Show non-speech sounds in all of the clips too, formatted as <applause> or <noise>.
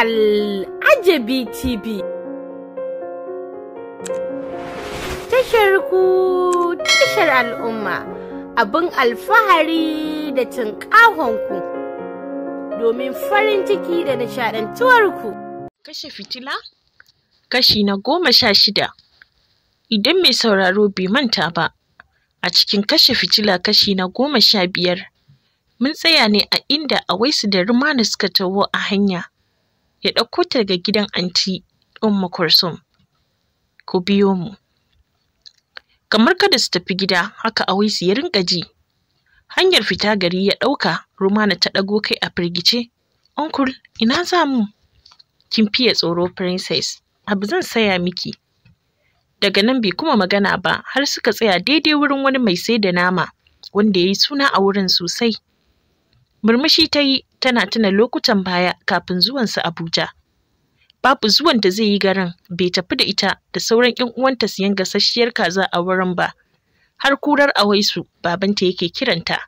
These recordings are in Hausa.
Al'ajabi TV. Tashar ku tashar al'umma abin alfahari da cin ku domin farin ciki da ku. Kashe fitila? Kashi na goma sha shida. Idan mai sauraro bai manta ba, a cikin kashe fitila kashi na goma sha biyar. mun tsaya ne a inda awaisu da rumana suka tawo a hanya ya ɗauko ta daga gidan anti Umma Kursum. Ku biyo mu. Kamar kada su tafi gida haka Awaisu ya rinka ji. Hanyar fita gari ya ɗauka Rumana ta ɗago kai a firgice. Uncle, ina za mu? Kin fiye tsoro princess, abu zan saya miki. Daga nan bai kuma magana ba har suka tsaya daidai wurin wani mai sai da nama wanda ya yi suna a wurin sosai. Murmushi ta yi tana tuna lokutan baya kafin zuwansa Abuja. Babu zuwan da zai yi garin bai tafi da ita da sauran 'yan uwanta siyan gasasshiyar kaza a wurin ba. Har kurar awaisu babanta yake kiranta.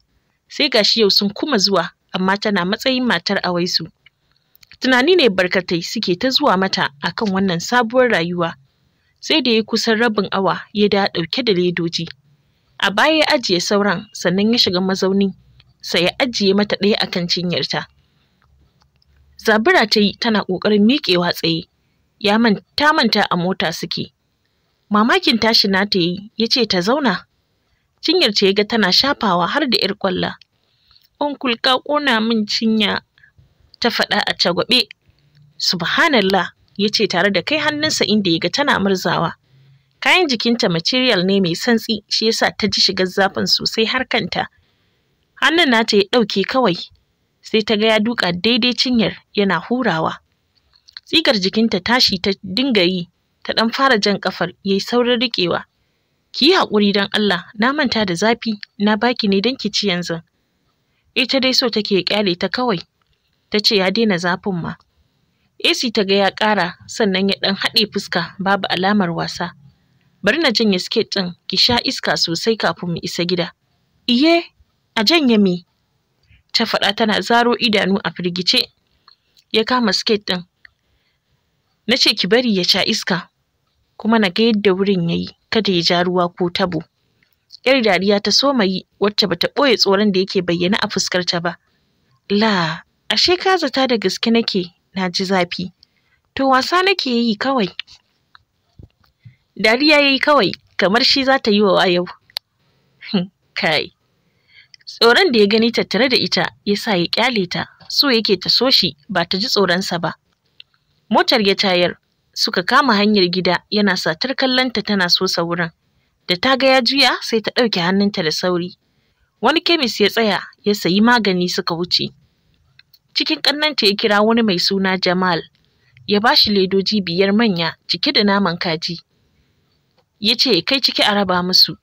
Sai gashi yau sun kuma zuwa amma tana matsayin matar awaisu. Tunani ne barkatai suke ta zuwa mata akan wannan sabuwar rayuwa. Sai da ya kusan rabin awa ya da ɗauke da ledoji. A baya ya ajiye sauran sannan ya shiga mazauni. sa ya ajiye mata ɗaya akan cinyarta. Zabura ta yi tana ƙoƙarin miƙewa tsaye, ya man ta manta a mota suke. Mamakin tashi na ta yi, ya ce ta zauna. Cinyar ce ya ga tana shafawa har da ‘yar ƙwalla. Onkul ka ƙona min cinya, ta faɗa a cagwaɓe. Subhanallah, ya ce tare da kai hannunsa inda ya ga tana murzawa. Kayan jikinta material ne mai santsi, shi yasa ta ji shigar zafin sosai har kanta. hannun nata ya ɗauke kawai sai ta ga ya duka daidai cinyar yana hurawa tsigar jikinta tashi ta dinga yi ta ɗan fara jan ƙafar yayi saurin riƙewa ki yi haƙuri don Allah na manta da zafi na baki ne don ki ci yanzu ita dai so take ƙyale ta kawai ta ce ya daina zafin ma AC ta ga ya ƙara sannan ya ɗan haɗe fuska babu alamar wasa bari na janye siket ɗin ki sha iska sosai kafin mu isa gida iye a janye me ta faɗa tana zaro idanu a firgice ya kama siket ɗin na ce ki bari ya sha iska kuma na ga yadda wurin ya yi kada ya ja ruwa ko tabo yar dariya ta soma yi wacce bata ɓoye tsoron da yake bayyana a fuskarta ba la ashe ka zata da gaske nake na ji zafi to wasa nake yi kawai dariya ya yi kawai kamar shi za ta yi wa wayo <laughs> kai Tsoron da ya gani tattare da ita ya sa ya kyale ta, so yake ta so shi ba ta ji tsoronsa ba. Motar ya tayar, suka kama hanyar gida yana satar kallonta tana so wurin. Da ta ga ya juya sai ta ɗauke hannunta da sauri. Wani kemis ya tsaya ya sayi magani suka wuce. Cikin ƙannanta ya kira wani mai suna Jamal, ya ba shi ledoji biyar manya cike da naman kaji. Ya ce kai ciki a raba musu,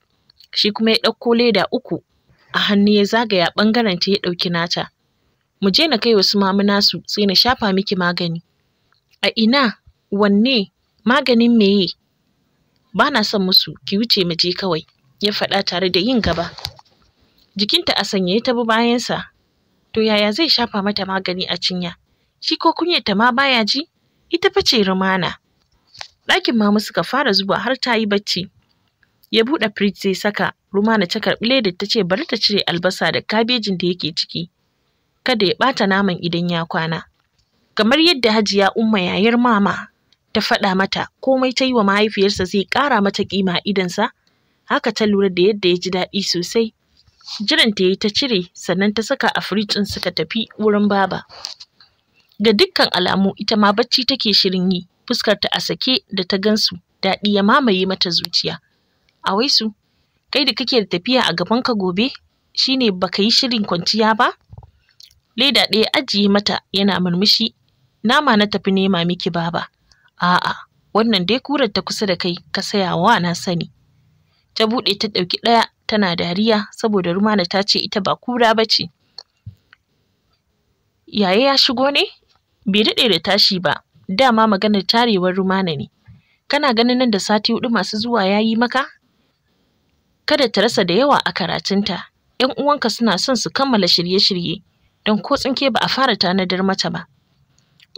shi kuma ya ɗauko leda uku a hannu ya zagaya ɓangaren ta ya ɗauki nata. Mu je na kai wasu mamuna su sai na shafa miki magani. A ina, wanne, maganin meye? Ba na son musu, ki wuce mu je kawai, ya faɗa tare da yin gaba. Jikinta a sanye ya tabu bayansa, to yaya zai shafa mata magani a cinya? Shi ko kunyarta ma baya ji? Ita fa ce rumana. ɗakin mamu suka fara zuwa har ta yi bacci. ya buɗe firij sai saka rumana ta karɓi ledar ta ce bari ta cire albasa da kabejin da yake ciki kada ya ɓata naman idan ya kwana kamar yadda hajiya umma yayar mama ta faɗa mata komai ta yi wa mahaifiyarsa zai ƙara mata ƙima idansa haka ta lura da yadda ya ji daɗi sosai jiran ta yi ta cire sannan ta saka a firij din suka tafi wurin baba ga dukkan alamu ita ma bacci take shirin yi fuskarta a sake da ta gansu daɗi ya mamaye mata zuciya a waisu kai da kake da tafiya a gaban ka gobe shine baka yi shirin kwanciya ba leda ɗaya ajiye mata yana murmushi nama na tafi nema miki baba a'a wannan dai kurar ta kusa da kai ka saya wa na sani ta buɗe ta ɗauki ɗaya tana dariya saboda rumana ta ce ita ba kura ba ce yaya ya shigo ne bai daɗe da tashi ba dama maganar tarewar rumana ne kana ganin nan da sati hudu masu zuwa ya yi maka kada ta rasa da yawa a karatunta ‘yan uwanka suna son su kammala shirye-shirye don ko tsinke ba a fara tanadar mata ba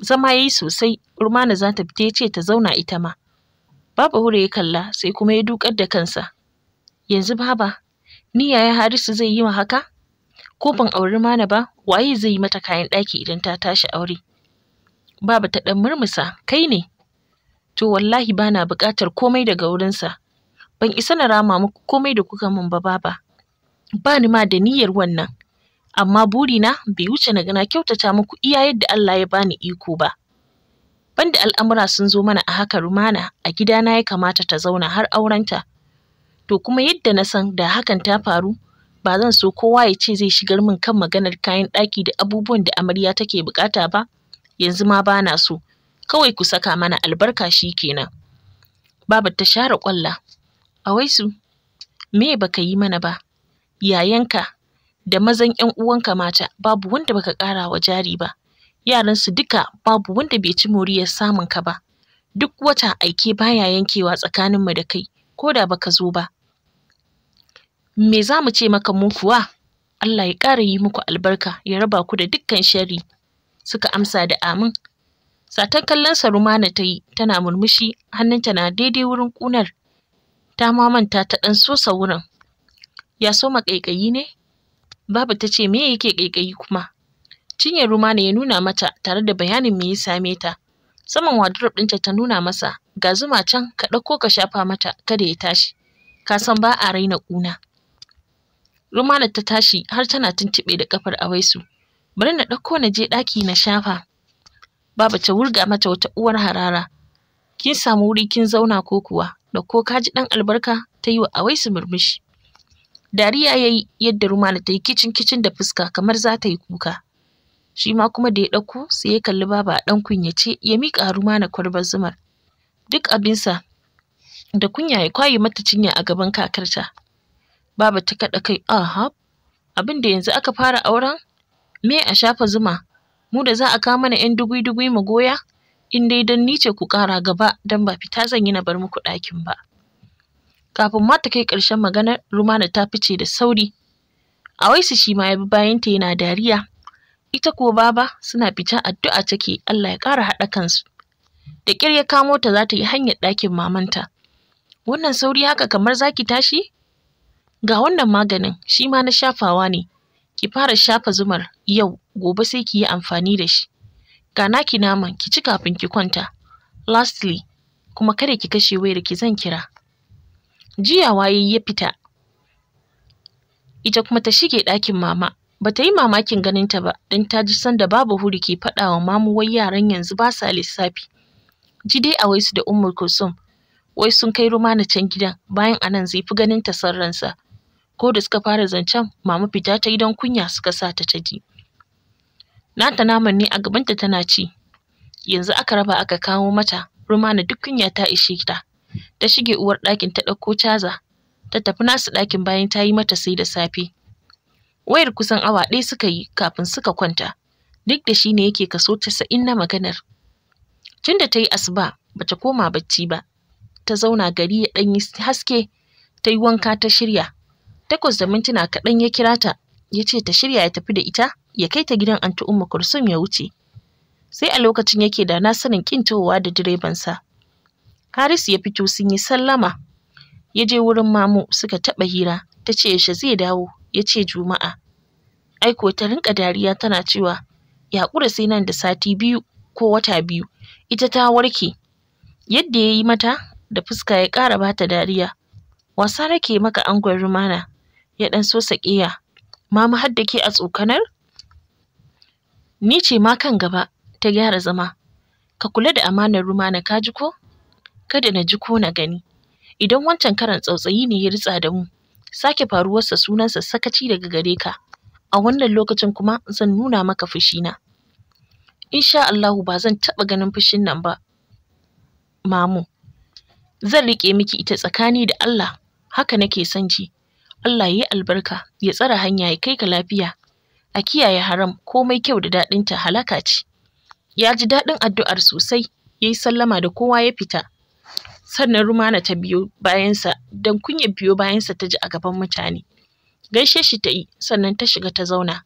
zama ya yi sosai urmana za ta fita ce ta zauna ita ma baba hure ya kalla sai kuma ya dukar da kansa yanzu baba ni yaya harisu zai yi ma haka ko ban auri mana ba waye zai yi mata kayan ɗaki idan ta tashi aure baba ta ɗan murmusa kai ne to wallahi bana buƙatar komai daga wurinsa ban isa na rama muku komai da kuka min ba baba ba ni ma da niyyar wannan amma burina bai wuce na gana kyautata muku iya yadda Allah ya bani iko ba banda al'amura sun zo mana a haka rumana a gida na ya kamata ta zauna har aurenta to kuma yadda na san da hakan ta faru ba zan so kowa ya ce zai shigar min kan maganar kayan ɗaki da abubuwan da amarya take bukata ba yanzu ma bana so kawai ku saka mana albarka shi kenan. Babar ta share kwalla a su, me baka yi mana ba yayanka da mazan yan uwanka mata babu wanda baka ƙara wa jari ba yaransu duka babu wanda bai ci moriyar samun ka ba duk wata aike baya yankewa tsakaninmu da kai ko da baka zo ba me za mu ce maka mu kuwa Allah ya ƙara yi muku albarka ya raba ku da dukkan sharri suka amsa da amin satan kallon sa rumana ta yi tana murmushi hannunta na daidai wurin ƙunar ta ma manta ta ɗan sosa wurin ya soma ƙaiƙayi ne babu ta ce me yake ƙaiƙayi kuma cinyar rumana ya nuna mata tare da bayanin me ya same ta saman wardrobe ɗinta ta nuna masa ga zuma can ka ɗauko ka shafa mata kada ya tashi ka san ba a raina kuna. rumana ta tashi har tana tuntuɓe da ƙafar a waisu. bari na ɗauko na je ɗaki na shafa Babu ta wurga mata wata uwar harara kin samu wuri kin zauna ko kuwa da ko ka ji ɗan albarka ta yi wa awaisu murmushi dariya ya yi yadda rumana ta yi kicin kicin da fuska kamar za ta yi kuka shi ma kuma da ya ɗauko sai ya kalli baba a ɗan kunyace ya miƙa rumana kwarbar zumar duk abinsa da kunya ya kwaye mata cinya a gaban kakarta baba ta kaɗa kai aha abin da yanzu aka fara auren me a shafa zuma mu da za a kawo mana 'yan dugui-dugui mu goya in dai don ni ce ku ƙara gaba don ba fita zan yi na bar muku ɗakin ba kafin ma ta kai ƙarshen maganar rumana ta fice da sauri a waisu shi ma ya bi bayanta yana dariya ita ko baba suna fita addu'a take Allah ya ƙara haɗa kansu da ƙyar ya kamo ta za ta yi hanyar ɗakin mamanta wannan sauri haka kamar za ki tashi ga wannan maganin shi ma na shafawa ne ki fara shafa zumar yau gobe sai ki yi amfani da shi ga naki naman ki ci kafin ki kwanta lastly kuma kada ki kashe wayar ki zan kira Jiya waye ya fita ita kuma ta shige ɗakin mama bata yi mamakin ganinta ba don ta ji sanda babu huri ke faɗa wa mamu wai yaran yanzu ba sa lissafi ji dai a waisu da ummul kulsum wai sun kai rumana can gidan bayan anan zai fi ganin ta san ransa ko da suka fara zancen mama fita ta gidan kunya suka sa ta ta ji nata naman ne a gabanta tana ci yanzu aka raba aka kawo mata rumana duk kunya ta ishe ta ta shige uwar ɗakin ta ɗauko caza ta tafi nasu ɗakin bayan ta yi mata sai da safe wayar kusan awa ɗaya suka yi kafin suka kwanta duk da shi ne yake kaso casa'in na maganar tunda ta yi asuba bata koma bacci ba ta zauna gari ya ɗan haske ta yi wanka ta shirya takwas da mintuna kaɗan ya kira ta ya ce ta shirya ya tafi da ita ya kai ta gidan anti umma kursum ya wuce sai a lokacin yake da na sanin kin towa da direbansa harisu ya fito sun yi sallama ya je wurin mamu suka taɓa hira ta ce yaushe zai dawo ya ce juma'a aiko ta rinka dariya tana cewa ya ƙura sai nan da sati biyu ko wata biyu ita ta warke yadda ya yi mata da fuska ya ƙara bata dariya wasa nake maka angon rumana ya ɗan so saƙiya mama har da ke a tsokanar Ni ce ma kan gaba ta gyara zama. Ka kula da amanar rumana ka ji ko? Kada na ji ko na gani. Idan wancan karan tsautsayi ne ya ritsa da mu, sake faruwarsa sunansa sakaci daga gare ka. A wannan lokacin kuma zan nuna maka fushina. Insha Allahu ba zan taɓa ganin fushin nan ba. Mamu, zan riƙe miki ita tsakani da Allah, haka nake son ji. Allah ya yi albarka, ya tsara hanya ya kai ka lafiya. a kiyaye haram komai kyau da daɗinta halaka ce ya ji daɗin addu'ar sosai ya yi sallama da kowa ya fita sannan rumana ta biyo bayansa don kunya biyo bayansa ta ji a gaban mutane gaishe shi ta yi sannan ta shiga ta zauna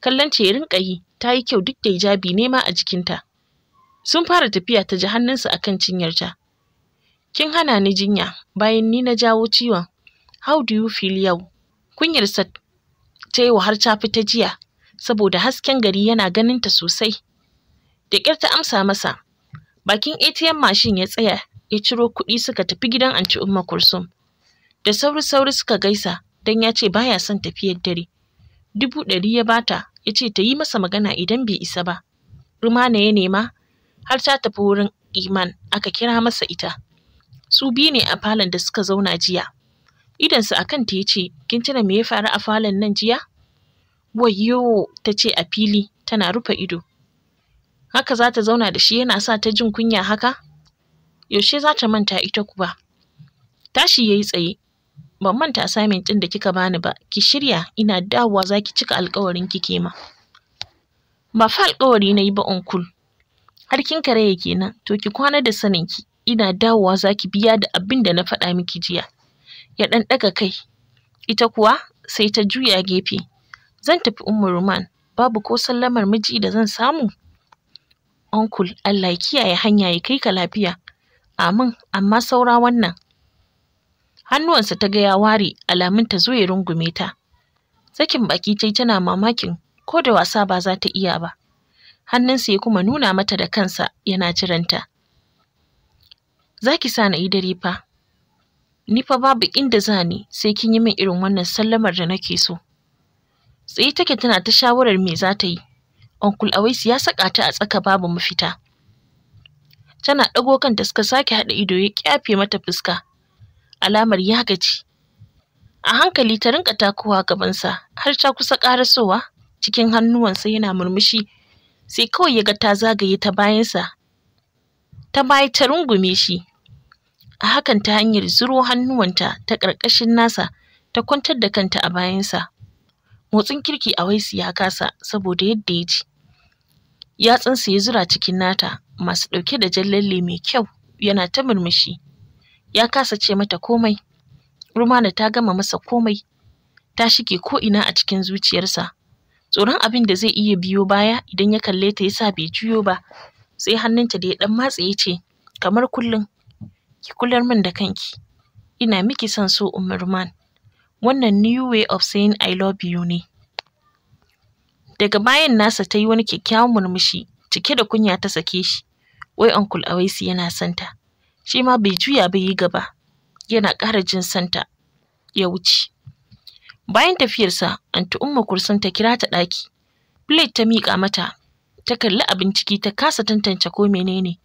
kallon ce ya rinka yi ta yi kyau duk da hijabi nema a jikinta sun fara tafiya ta ji hannunsa kan cinyarta kin hana ni jinya bayan ni na jawo ciwon how do you feel yau kunyar sat ta yi har ta fita jiya saboda hasken gari yana ganin ta sosai da ƙyar ta amsa masa bakin atm mashin ya tsaya ya ciro kuɗi suka tafi gidan anci umma kursum da sauri sauri suka gaisa don ya ce baya son tafiyar dare dubu ɗari ya bata ya ce ta yi masa magana idan bai isa ba rumana ya nema har ta tafi wurin iman aka kira masa ita su biyu ne a falon da suka zauna jiya idonsa a kanta ya ce kin tuna me ya faru a falon nan jiya wayyo ta ce a fili tana rufe ido haka za ta zauna da shi yana sa ta jin kunya haka yaushe za ta manta ita kuwa tashi ya yi tsaye ban manta assignment ɗin da kika bani ba ki shirya ina dawowa za ki cika alkawarin ki kema ba fa alkawari na yi ba onkul har kin karaya kenan to ki kwana da sanin ki ina dawowa za ki biya da abin da na faɗa miki jiya ya ɗan ɗaga kai ita kuwa sai ta juya gefe zan tafi ummu ruman babu ko sallamar miji da zan samu onkul allah ya kiyaye hanya ya kai ka lafiya amin amma saura wannan hannuwansa ta ga ya ware alamun ta zo ya rungume ta sakin baki tai tana mamakin ko da wasa ba za ta iya ba hannunsa ya kuma nuna mata da kansa yana jiranta za ki sa na yi dare fa ni fa babu inda za ni sai kin yi min irin wannan sallamar da nake so tsaye take tana ta shawarar me za ta yi Uncle awais ya saka ta a tsaka babu mafita tana ɗago kanta suka sake haɗa ido ya kyafe mata fuska alamar ya gaji a hankali ta rinka takowa gabansa har ta kusa ƙarasowa cikin hannuwansa yana murmushi sai kawai ya ga ta zagaye ta bayansa ta baya ta rungume shi a hakan ta hanyar zuro hannuwanta ta ƙarƙashin nasa ta kwantar da kanta a bayansa motsin kirki a waisu ya kasa saboda yadda ya ji yatsunsa ya zura cikin nata masu ɗauke da jallalle mai kyau yana ta murmushi ya kasa ce mata komai rumana ta gama masa komai ta shige ko'ina a cikin zuciyarsa tsoron abin da zai iya biyo baya idan ya kalle ta yasa bai juyo ba sai hannunta da ya ɗan matse ya ce kamar kullum ki kular min da kanki ina miki son so umurman wannan new way of saying i love you ne daga bayan nasa ta yi wani kyakkyawan murmushi cike da kunya ta sake shi wai uncle awaisi yana santa shi ma bai juya ba, yi gaba yana ƙara jin santa ya wuce bayan tafiyarsa anti umma kursun ta kira ta ɗaki plate ta miƙa mata ta kalli abin ciki ta kasa tantance ko menene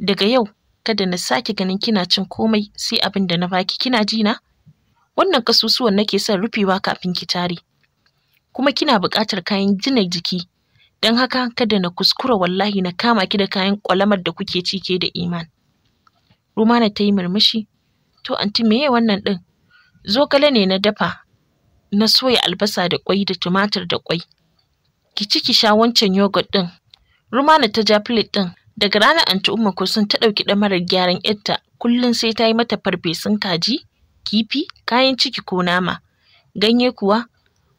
daga yau kada na sake ganin kina cin komai sai abin da na baki kina ji na wannan kasusuwan nake son rufewa kafin ki tare kuma kina buƙatar kayan gina jiki don haka kada na kuskura wallahi na kama ki da kayan kwalamar da kuke cike da iman rumana ta yi murmushi to anti meye wannan din zogale ne na dafa na soya albasa da kwai da tumatir da kwai ki ci ki sha wancan yogurt din rumana ta ja plate din Daga ranar anti Umma ko sun ta ɗauki ɗamarar gyaran yarta kullum sai ta yi mata farfesun kaji, kifi, kayan ciki ko nama. Ganye kuwa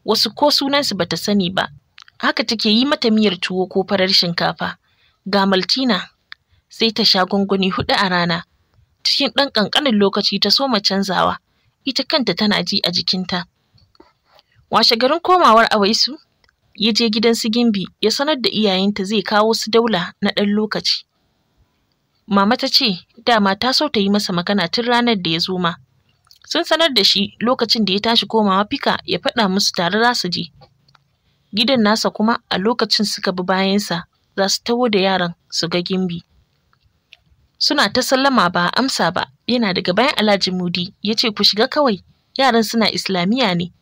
wasu ko sunansu bata sani ba. Haka take yi mata miyar tuwo ko farar shinkafa. Ga Maltina sai ta sha gwangwani huɗu a rana. Cikin ɗan ƙanƙanin lokaci ta soma canzawa. Ita kanta tana ji a jikinta. Washe garin komawar Awaisu ya je gidan su Gimbi ya sanar da iyayenta zai kawo su daula na ɗan lokaci. Mama ta ce dama ta so ta yi masa magana tun ranar da ya zo ma. Sun sanar da shi lokacin da ya tashi komawa fika ya faɗa musu tare za su je. Gidan nasa kuma a lokacin suka bi bayansa za su taho da yaran su ga Gimbi. Suna ta sallama ba amsa ba yana daga bayan Alhaji Mudi ya ce ku shiga kawai yaran suna Islamiyya ne.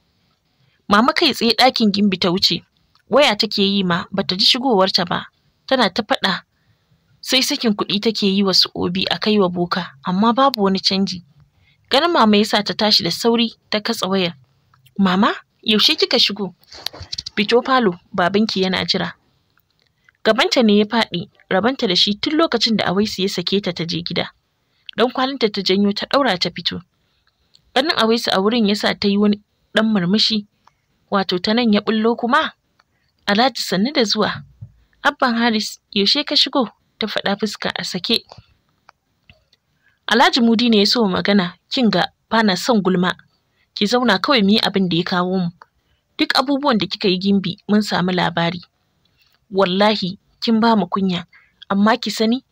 Mama kai tsaye ɗakin Gimbi ta wuce. waya take yi ma bata ji shigowar ta ba tana ta faɗa sai sakin kuɗi take yi wa obi a kai wa boka amma babu wani canji ganin mama yasa ta tashi da sauri ta katsa wayar mama yaushe kika shigo fito falo babanki yana jira gabanta ne ya faɗi rabanta da shi tun lokacin da awaisu ya sake ta ta je gida dan kwalinta ta janyo ta ɗaura ta fito ganin awaisu a wurin yasa ta yi wani ɗan murmushi wato ta nan ya bullo kuma Alhaji sannu da zuwa. Abban Haris yaushe ka shigo? ta faɗa fuska a sake. Alhaji Mudi ne ya so magana, kin ga bana son gulma. Ki zauna kawai mu yi abin da ya kawo mu. Duk abubuwan da kika yi gimbi mun samu labari. Wallahi kin ba mu kunya, amma ki sani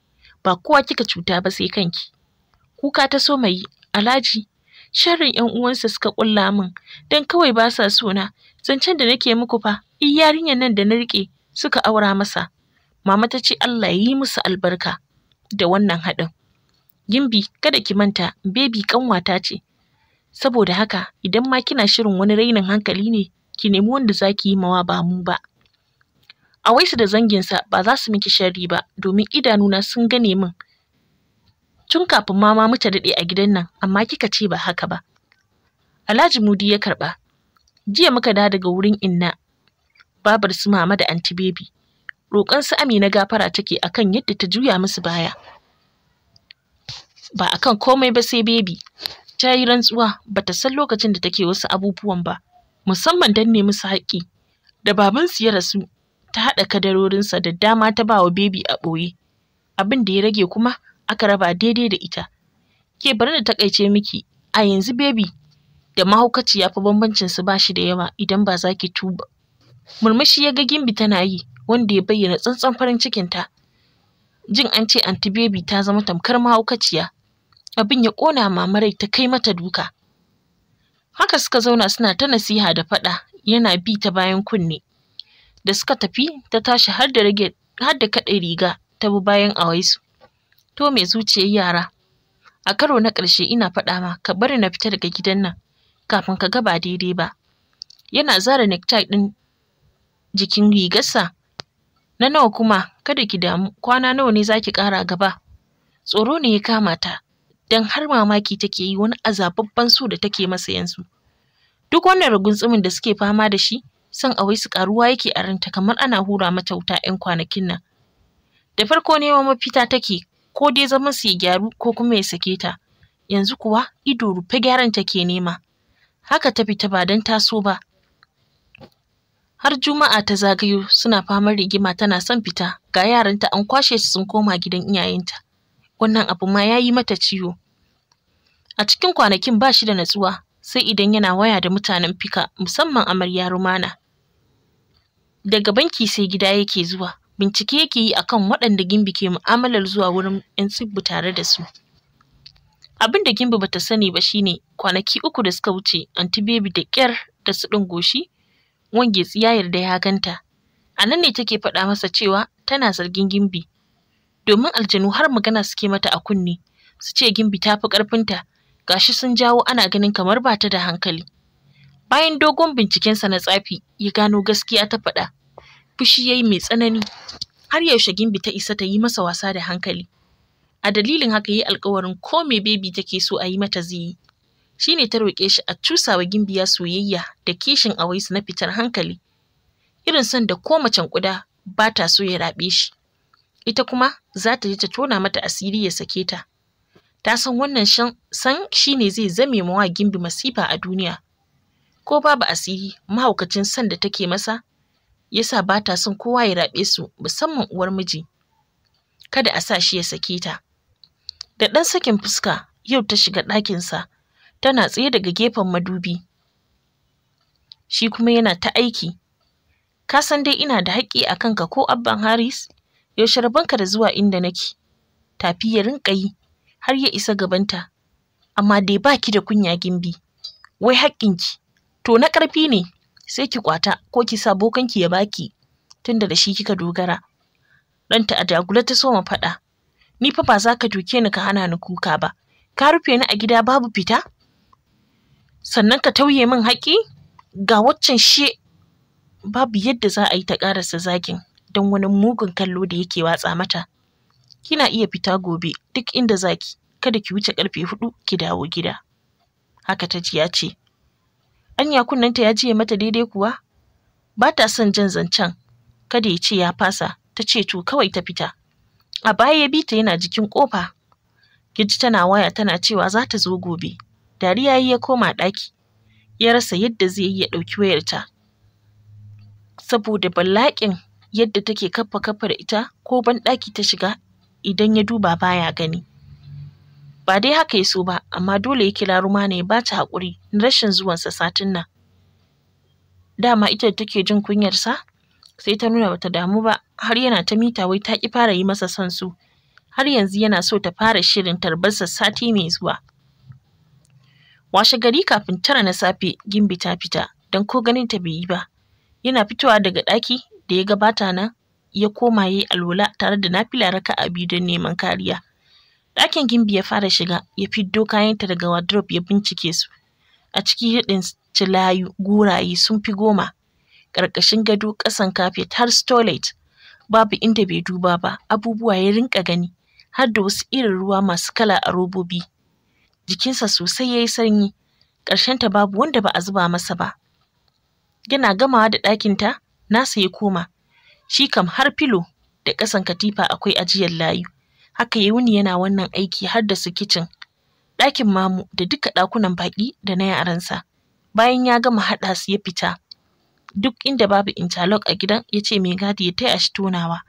ba kowa kika cuta ba sai kanki. Kuka ta so mai Alhaji sharrin 'yan uwansa suka ƙulla min don kawai ba sa sona zancen da nake muku fa in yarinyar nan da na riƙe suka aura masa mama ta ce Allah ya yi musu albarka da wannan haɗin gimbi kada ki manta bebi kanwata ce saboda haka idan ma kina shirin wani rainin hankali ne ki nemi wanda za ki yi mawa ba mu ba a waisu da zanginsa ba za su miki sharri ba domin idanuna sun gane min tun kafin mama muta daɗe a gidan nan amma kika ce ba haka ba Alhaji Mudi ya karɓa. Jiya muka da daga wurin Inna babar su mama da anti baby roƙon su amina gafara take akan yadda ta juya musu baya ba akan komai ba sai baby ta yi rantsuwa ba ta san lokacin da take wasu abubuwan ba musamman dan ne musu haƙƙi da babansu ya rasu ta haɗa kadarorinsa da dama ta ba baby a ɓoye abin da ya rage kuma aka raba daidai da ita ke bari da takaice miki a yanzu baby da mahaukaci ya fi bambancin su ba shi da yawa idan ba za ki tuba Murmushi ya ga Gimbi tana yi wanda ya bayyana tsantsan farin cikinta. Jin an ce anti baby ta zama tamkar mahaukaciya. Abin ya kona ƙona mamarai ta kai mata duka. Haka suka zauna suna ta nasiha da faɗa yana bi ta bayan kunne. Da suka tafi ta tashi har da rage har da kaɗe riga ta bi bayan awaisu. To mai zuciyar yara. A karo na ƙarshe ina faɗa ma ka bari na fita daga gidan nan kafin ka gaba daidai ba. Yana zara necktie ɗin jikin rigarsa na nawa kuma kada ki damu kwana nawa ne zaki ƙara gaba tsoro ne ya kama ta don har mamaki take yi wani azababban su da take masa yanzu duk wannan tsumin da suke fama da shi son wai su karuwa yake a ranta kamar ana hura mata wuta 'yan kwanakin nan da farko nema mafita take ko dai zaman su ya gyaru ko kuma ya sake ta yanzu kuwa ido rufe gyaran take nema haka ta fita ba don taso ba har juma'a ta zagayo suna famar rigima tana son fita ga yaranta an kwashe su sun koma gidan iyayenta wannan abu ma ya yi mata ciwo a cikin kwanakin ba shi da natsuwa sai idan yana waya da mutanen fika musamman amarya rumana daga banki sai gida yake zuwa bincike yake yi akan waɗanda gimbi ke mu'amalar zuwa wurin 'yan tsibbu tare da su abin da gimbi bata sani ba shine kwanaki uku da suka wuce anti baby da ƙyar da su ɗin goshi wange ya yarda ya ganta. A nan ne take faɗa masa cewa tana zargin Gimbi. Domin aljanu har magana suke mata a kunne, su ce Gimbi ta fi ƙarfinta, gashi sun jawo ana ganin kamar ba ta da hankali. Bayan dogon bincikensa na tsafi, ya gano gaskiya ta faɗa. Fushi ya mai tsanani, har yaushe Gimbi ta isa ta yi masa wasa da hankali. A dalilin haka yi alkawarin ko me bebi take so a yi mata zai yi. shi ne ta roƙe shi a cusawa gimbiya soyayya da kishin awaisu na fitar hankali irin son da ko macen ƙuda ba ta so ya raɓe shi ita kuma za ta je ta tona mata asiri ya sake ta ta san wannan san shi ne zai zame mawa gimbi masifa a duniya ko babu asiri mahaukacin son da take masa yasa ba ta son kowa ya raɓe su musamman uwar miji kada a sa shi ya sake ta da ɗan sakin fuska yau ta shiga ɗakinsa tana tsaye daga gefen madubi shi kuma yana ta aiki ka san dai ina da haƙƙi a kanka ko abban haris yaushe rabanka da zuwa inda nake tafi ya rinƙa yi har ya isa gabanta amma dai ba ki da kunya gimbi wai haƙƙinki to na ƙarfi ne sai ki kwata ko ki sa bokanki ya baki tunda da shi kika dogara ɗanta a dagula ta soma faɗa ni fa ba za ka duke ni ka hana ni kuka ba ka rufe ni a gida babu fita sannan ka tauye min haƙƙi ga waccan she babu yadda za a yi ta ƙarasa zagin don wani mugun kallo da yake watsa mata kina iya fita gobe duk inda zaki kada ki wuce karfe hudu ki dawo gida haka ta ji ya ce anya kunnanta ya jiye mata daidai kuwa ba ta son jan zancen kada ya ce ya fasa ta ce to kawai ta fita a baya ya bi ta yana jikin kofa ji tana waya tana cewa za ta zo gobe dariya ya yi ya koma ɗaki ya rasa yadda zai yi ya ɗauki wayarta saboda ballakin, yadda take kafa kafa da ita ko ban ɗaki ta shiga idan ya duba baya gani ba dai haka ya so ba amma dole ya kira rumana ya bata haƙuri na rashin zuwansa satin nan dama ita da take jin kunyarsa sai ta nuna bata damu ba har yana ta mita wai ta ki fara yi masa son su har yanzu yana so ta fara shirin tarbarsa sati mai zuwa Washe gari kafin tara na safe Gimbi ta fita don ko ganin ta bai yi ba. Yana fitowa daga ɗaki da ya gabata na ya koma yayi alwala tare da nafila raka a biyu don neman kariya. Ɗakin Gimbi ya fara shiga ya fiddo kayanta daga wardrobe ya bincike su. A ciki hidin cilayu guraye sun fi goma. Ƙarƙashin gado ƙasan kafet har toilet. Babu inda bai duba ba abubuwa ya rinka gani har da wasu irin ruwa masu kala a robobi. jikinsa sosai ya yi sanyi ta babu wanda ba a zuba masa ba yana gamawa da ta? nasa ya koma shi kam har filo da ƙasan katifa akwai ajiyar layu haka ya wuni yana wannan aiki har da su kicin ɗakin mamu da duka ɗakunan baƙi da na yaransa bayan ya gama haɗa su ya fita duk inda babu interlock a gidan ya ce mai gadi ya taya shi tonawa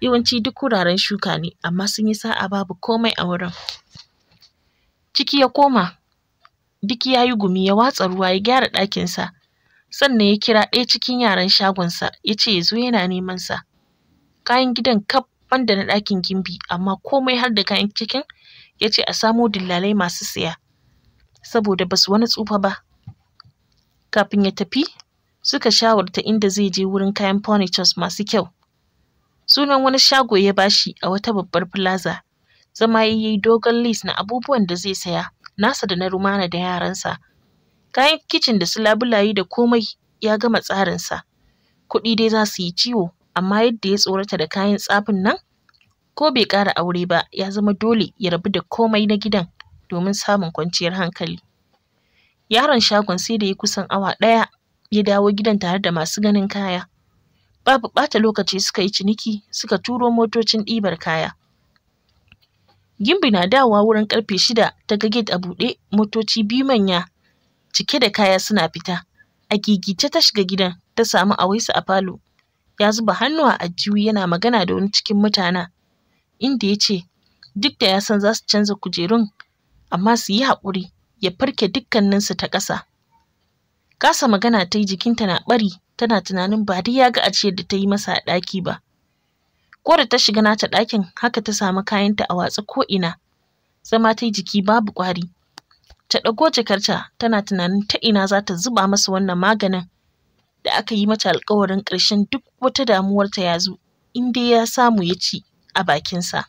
yawanci duk wuraren shuka ne amma sun yi sa'a babu komai a wurin Ciki ya koma, Biki ya yi gumi ya watsa ruwa ya gyara ɗakinsa, sannan ya kira ɗaya cikin yaran shagonsa ya ce ya zo yana neman sa. Kayan gidan kaf banda na ɗakin Gimbi amma komai har da kayan cikin ya ce a samo dillalai masu siya saboda basu wani tsufa ba. Kafin ya tafi suka shawarta inda zai je wurin kayan furnitures masu kyau. Sunan wani shago ya bashi a wata babbar plaza zama ya yi dogon list na abubuwan da zai saya nasa da na rumana da yaransa kayan kicin da su labulaye da komai ya gama tsarinsa kuɗi dai za su yi ciwo amma yadda ya tsorata da kayan tsafin nan ko bai ƙara aure ba ya zama dole ya rabu da komai na gidan domin samun kwanciyar hankali yaron shagon sai da ya kusan awa ɗaya ya dawo gidan tare da masu ganin kaya babu ɓata lokaci suka yi ciniki suka turo motocin ɗibar kaya Gimbi na dawowa wurin karfe shida ta ga gate a buɗe motoci biyu manya cike da kaya suna fita. A gigice ta shiga gidan ta samu Awaisu a falo. Ya zuba hannu a aljihu yana magana da wani cikin mutana. inda ya ce duk da ya san za su canza kujerun amma su yi haƙuri ya farke dukkaninsu ta ƙasa. Kasa magana ta yi jikinta na ɓari tana tunanin ba dai ya ga ajiyar da ta yi masa a ɗaki ba. ko da ta shiga nata ɗakin haka ta samu kayanta a watsa ko'ina zama ta yi jiki babu ƙwari ta ɗago jakarta tana tunanin ta ina za ta zuba masa wannan maganin da aka yi mata alkawarin ƙarshen duk wata damuwarta ya zo in dai ya samu ya ci a bakinsa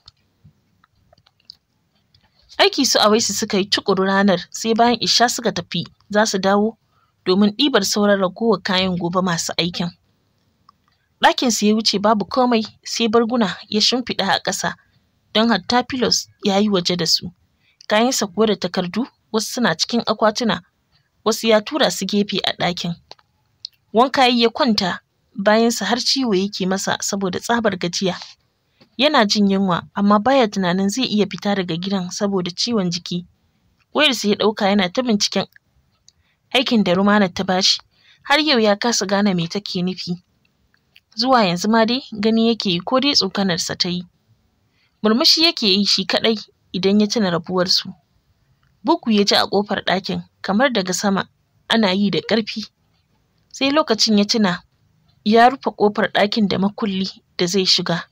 aiki su a waisu suka yi tukuru ranar sai bayan isha suka tafi za su dawo domin ɗibar sauran ragowar kayan gobe masu aikin Ɗakinsa su ya wuce babu komai sai barguna ya shimfiɗa a ƙasa don hatta filos ya yi waje da su kayansa kuwa da takardu wasu suna cikin akwatuna wasu ya tura su gefe a ɗakin wanka ya kwanta bayansa har ciwo yake masa saboda tsabar gajiya yana jin yunwa amma baya tunanin zai iya fita daga gidan saboda ciwon jiki wayarsa ya ɗauka yana ta binciken aikin da rumana ta bashi har yau ya kasa gane me take nufi zuwa yanzu ma dai gani yake yi ko dai tsokanarsa ta yi murmushi yake yi shi kaɗai idan ya tuna rabuwarsu bugu ya ji a ƙofar ɗakin kamar daga sama ana yi da ƙarfi sai lokacin ya tuna ya rufe ƙofar ɗakin da makulli da zai shiga